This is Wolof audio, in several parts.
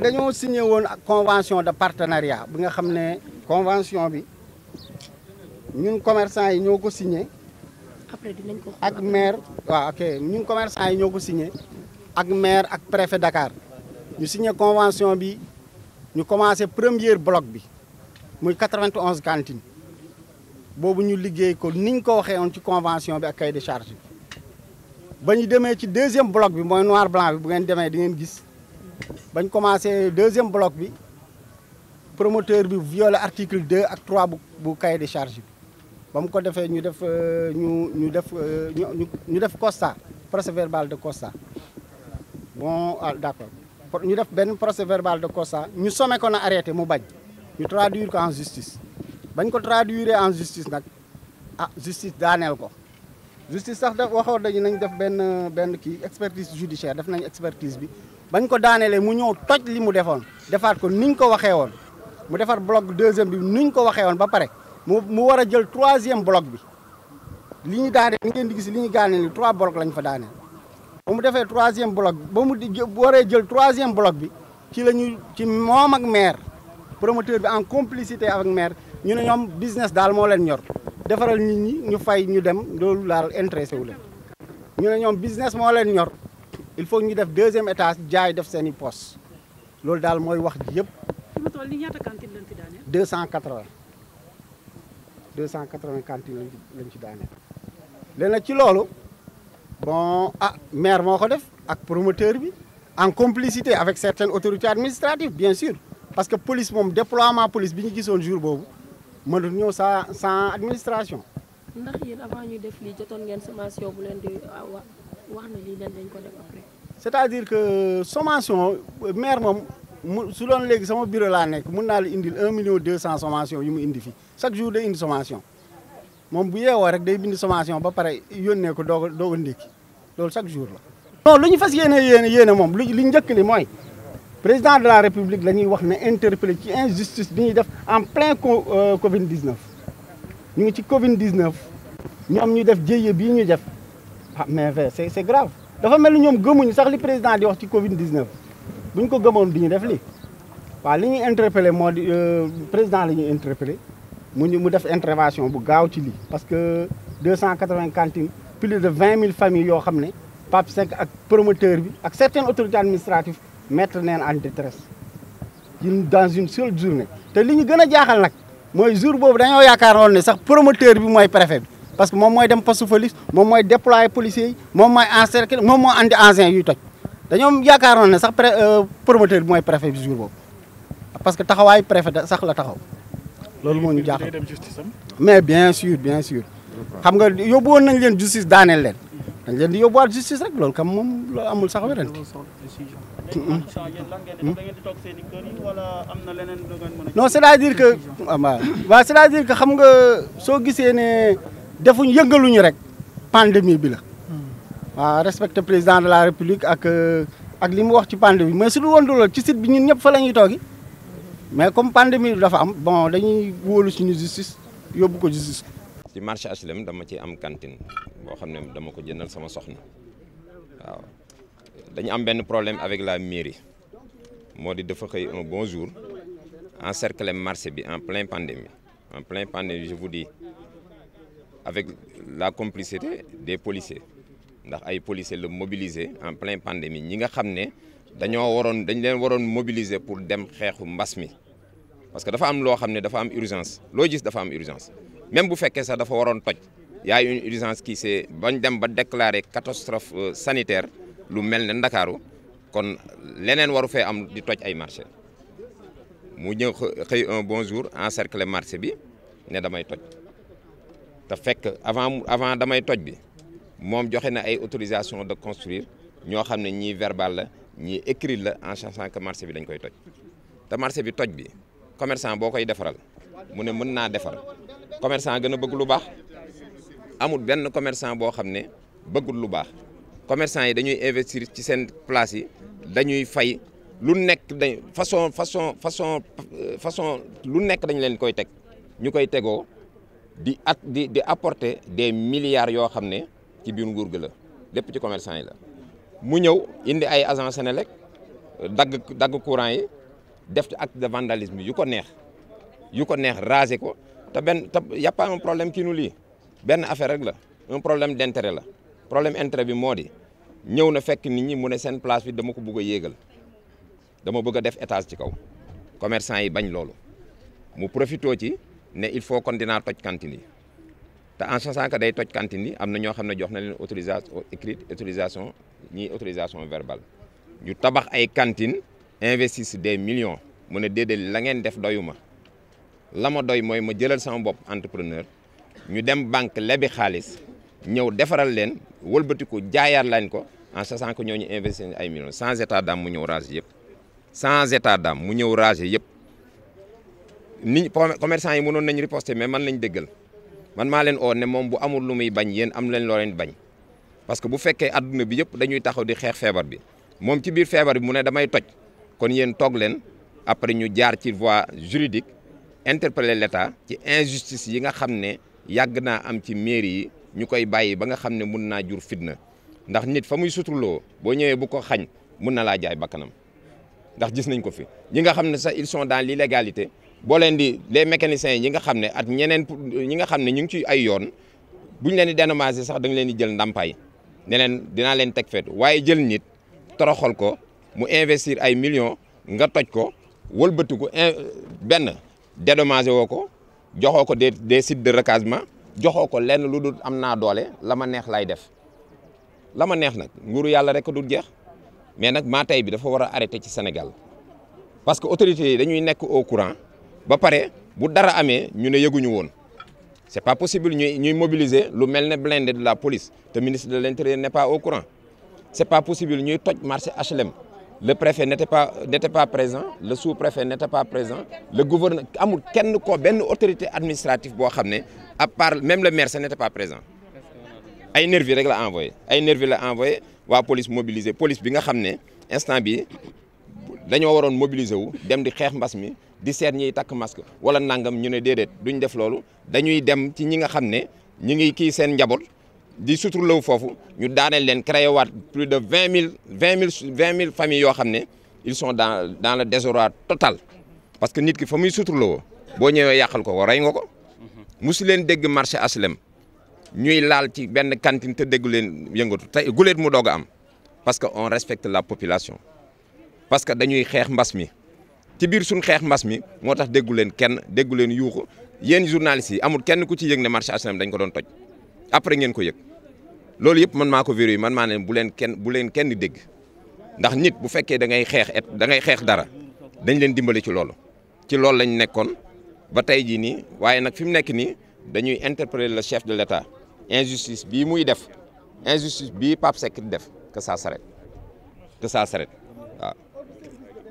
léegi dañoo signé woon ak convention de partenariat bu nga xam ne convention bi ñun commerçant yi ñoo ko signe après ak maire waaw ok ñun commerçant yi ñoo ko signé ak maire ak préfet Dakar ñu signé convention bi ñu commencé première bloc bi muy 91 cantines boobu ñu liggéey ko niñ ko waxee woon ci convention bi ak cahier de charge bi ba ñu demee ci deuxième bloc bi mooy noir blanc bi bu ngeen demee di ngeen gis. bañ commencé deuxième bloc bi promoteur bi viole article 2 ak 3 bu bu cahier de charge bi ba mu ko defee ñu def euh, ñu ñu def euh, ñu def constat procès verbal de constat bon ah d' accord ñu def benn procès verbal de constat ñu somme ko na arrêté mu bañ ñu traduire ko en justice bañ ko traduire en justice nag ah justice daaneel ko justice sax daf waxoon dañu nañ def benn benn kii expertise judiciaire def nañ expertise bi bañ ko daanelee mu ñëw toj li mu defoon defaat ko niñ ko waxee woon mu defar bloc deuxième bi niñ ko waxee woon ba pare mu mu war a jël troisième bloc bi li ñu daane ni ngeen di gis li ñu gaane ni trois bloc lañu fa daane ba mu defee troisième bloc ba mu di waree jël troisième bloc bi ci la ñu ci moom ak maire promoteur bi en complicité avec maire ñu ne ñoom business daal moo leen ñor defaral nit ñi ñu fay ñu dem loolu daal intéressé wu leen ñu ne ñoom business moo leen ñor il faut ñu def deuxième étage jaay def seeni i loolu daal mooy wax ji yëpp. fi mu toll nii ñaata cantine lañ fi daaneel. 280 280 cantine lañ ci lañ ci daaneel. léegi nag ci loolu bon a ah, maire moo ko def ak promoteur bi en complicité avec certaines autorités administratives bien sûr parce que police moom déploiement police bi ñu gisoon jour boobu mënut ñëw sans sans administration. ndax yéen avant ñuy def lii jotoon wax na lii ko def après. c'est-à-dire que sommation maire moom mu su doon léegi sama bureau laa nekk mun naa la indil un million deux cent sommation yu mu indi fi chaque jour day indi sommation moom bu yeewoo rek day bind sommation ba pare yónnee ko doog a doog a chaque jour la. non lu ñu fas yéene yéene yéene moom lu li njëkk li mooy président de la république la ñuy wax ne interpellé ci injustice bi ñuy def en plein euh, Covid 19 ñu ngi ci Covid 19 ñoom ñu def jéye bii ñu def. Ah, mais c'est c'est grave dafa mel ni ñoom gëmuñu sax li président di wax ci Covid 19 bu ñu ko gëmoon du ñu def lii waaw li ñuy interpellé moo di euh, président la ñuy interpellé mu ñu mu def intervention bu gaaw ci lii. parce que cent 280 cantines plus de vingt mille familles yoo xam ne Pape Seck ak promoteur bi ak certaines autorités administratives mettre neen en détresse dans une seule journée. te li ñu gën a jaaxal nag mooy jour boobu dañoo yaakaaroon ne sax promoteur bi mooy préfet parce que moom mooy dem poste police moom mooy déployer policiers yi moom mooy moo andi engins yuy toj dañoo yaakaaroon ne sax euh, promoteur bi mooy préfet bi boobu parce que taxawaay préfet sax la taxaw loolu moo ñu jaaxal mais bien sûr bien sûr xam nga yóbbu woon nañ leen justice daaneel leen dañ leen di yóbbuwaat justice rek loolu kam moom loolu amul sax werante non c'est-à-dire que waaw c'est-à-dire que xam nga soo gisee ne defuñ yëngaluñu rek pandémie bi la hmm. waaw respecté président de la république ak euh, ak li mu wax ci pandémie mais su dul woon loolu ci site bi ñun ñëpp fa la ñuy toogi mais comme pandémie dafa am bon dañuy wóolu suñu justice yóbbu ko justice ci marché HLM dama ci am cantine boo xam ne dama ko jëndal sama soxna waaw dañu am benn problème avec la mairie moo di dafa xëy un bon jour encercler marché bi en plein pandémie en plein pandémie je vous dis avec la complicité des policiers ndax ay policiers la mobiliser en plein pandémie ñi nga xam ne dañoo waroon dañ leen waroon mobiliser pour dem xeexu mbas mi parce que dafa am loo xam ne dafa am urgence loo gis dafa am urgence même bu fekkee sax dafa waroon toj y a une urgence qui s'est bañ dem ba déclarer catastrophe euh, sanitaire lu mel ne Ndakaaru kon leneen waru fee am di toj ay marché mu ñëw xëy un bon jour encercler marché bi ne damay toj te fekk avant avant damay toj bi moom joxe na ay autorisation de construire ñoo xam ne ñii verbal la ñii écrit la en sachant que marché bi dañ koy toj te marché bi toj bi commerçant boo koy defaral mu ne mën naa defar commerçant gën a bëgg lu baax amul benn commerçant boo xam ne bëggul lu baax commerçant yi dañuy investir ci seen place yi dañuy fay lu nekk dañ façon façon façon euh, façon lu nekk dañ leen koy teg ñu koy tegoo di at di di apporter des milliards yoo xam ne ci biir nguur gi la lépp ci commerçant yi la mu ñëw indi ay agent Senelec dagg dagg courant yi def ci acte de vandalisme yu ko neex yu ko neex raser ko te benn te y a problème kii nu lii benn affaire rek la un problème d'intérêt la problème intérêt bi moo di ñëw na fekk nit ñi mu ne seen place bi dama ko bëgg a yéegal dama bëgg a def étage ci kaw commerçant yi bañ loolu mu profitoo ci ne il faut kon dinaa toj cantine yi te en sachant que day toj cantine yi am na ñoo xam ne jox na leen autorisation écrite autorisation ñii autorisation verbale ñu tabax ay cantines investissent des millions mu ne déedéet la ngeen def doyuma la ma doy mooy ma jëlal sama bopp entrepreneur ñu dem banque lebi xaalis ñëw defaral leen wëlbatiku jaayaat lañ ko en sachant que ñooñu investir ay millions sans état d'âme mu ñëw ranger yëpp sans état d'âme mu ñëw ranger yëpp. nit commerçant yi mënoon nañ riposter mais man lañ déggal man maa leen oo ne moom bu amul lu muy bañ yéen am leen loo bañ parce que bu fekkee adduna bi yëpp dañuy taxaw di xeex feebar bi moom ci biir feebar bi mu ne damay toj kon yéen toog leen après ñu jaar ci voie juridique interpeller l'État ci injustice yi nga xam ne yàgg naa am ci mairie yi ñu koy bàyyi ba nga xam ne mun naa jur fitna ndax nit fa muy suturloo boo ñëwee bu ko xañ mun na laa jaay bakkanam ndax gis nañ ko fi ñi nga xam ne sax ils sont dans l'illégalité boo leen di les mécaniciens yi nga xam ne ak ñeneen ñi nga xam ne ñu ngi ci ay yoon buñ leen di dédommager sax da nga leen di jël ndàmpaay neneen leen dinaa leen teg fet waaye jël nit toroxal ko mu investir ay millions nga toj ko wëlbati ko benn dédommager woo ko joxoo ko des des sites de joxoo ko lenn lu dul am naa doole la ma neex lay def la ma neex nag nguuru yàlla rek du jeex mais nag maa tey bi dafa war a arrêté ci Sénégal parce que autorités dañuy nekk au courant ba pare bu dara amee ñu ne yëguñu woon c'est pas possible ñuy ñuy mobiliser lu mel ne blindé de la police te ministre de l'intérieur n'est pas au courant c'est pas possible ñuy toj marché HLM le préfet n'était pas n'était pas présent le sous-préfet n'était pas présent le gouverneur amul kenn ko benn autorité administrative boo xam ne à part même le maire ça n'était pas présent ay nervi rek la envoyé ay nervi la envoyé wa police mobiliser police bi nga xam ne instant bi dañoo waroon mobiliser wu dem di xeex mbas mi di seet ñiy takk masque wala nangam ñu ne déedéet duñ def loolu dañuy dem ci ñi nga xam ne ñu ngi kii seen njaboot di suturlaw foofu ñu daaneel leen créé waat plus de vingt mille vingt mille vingt mille familles yoo xam ne ils sont dans dans le désarroi total parce que nit ki fa muy suturlawoo boo ñëwee yàqal ko ko rey nga ko musu leen dégg marché aslem ñuy laal ci benn cantine te déggu leen yëngatu tey guleet mu doog a am parce que on respecte la population parce que dañuy xeex mbas mi ci biir suñ xeex mbas mi moo tax déggu leen kenn déggu leen yuuxu yéen journalistes yi amul kenn ku ci yëg ne marché HLM dañ ko doon toj après ngeen ko yëg loolu yëpp man maa ko vérifié man maa ne bu leen kenn bu leen kenn dégg ndax nit bu fekkee da ngay xeex da ngay xeex dara dañ leen dimbali ci loolu ci loolu lañ nekkoon ba tey jii nii waaye nag fi mu nekk nii dañuy interpeller le chef de l'État injustice bii muy def injustice bii Pape Seck di def que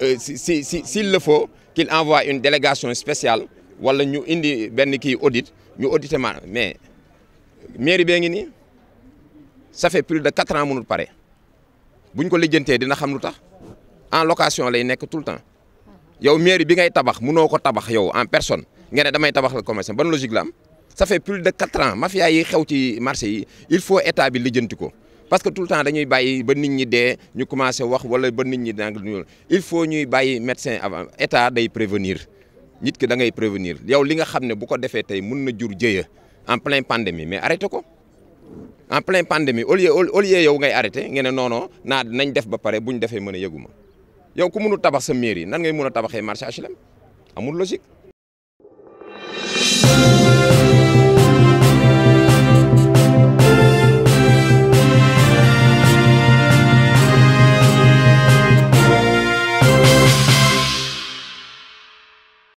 Euh, si si si s'il le faut qu'il envoie une délégation spéciale wala ñu indi benn kii audit ñu audité maanaam mais mairie bee ngi nii ça fait plus de quatre ans mënul pare bu ko lijjantee dina xam lu tax en location lay nekk tout le temps yow mairie bi ngay tabax mu noo ko tabax yow en personne nga ne damay tabax la commerçant ban logique la am ça fait plus de quatre ans mafia yi xew ci marché yi il faut état bi lijjanti ko. parce que tout le temps dañuy bàyyi ba nit ñi dee ñu commencé wax wala ba nit ñi nag il faut ñuy bàyyi médecin avant état day prévenir nit ki da ngay prévenir yow li nga xam ne bu ko defee tey mun na jur jëya en plein pandémie mais arrêté ko en plein pandémie au lieu yow ngay arrêté ngeen ne non non naa nañ def ba pare bu ñu defee mën a yëgu ma yow ku mënul tabax sa mairie nan ngay mën a tabaxee marché HLM amul logique.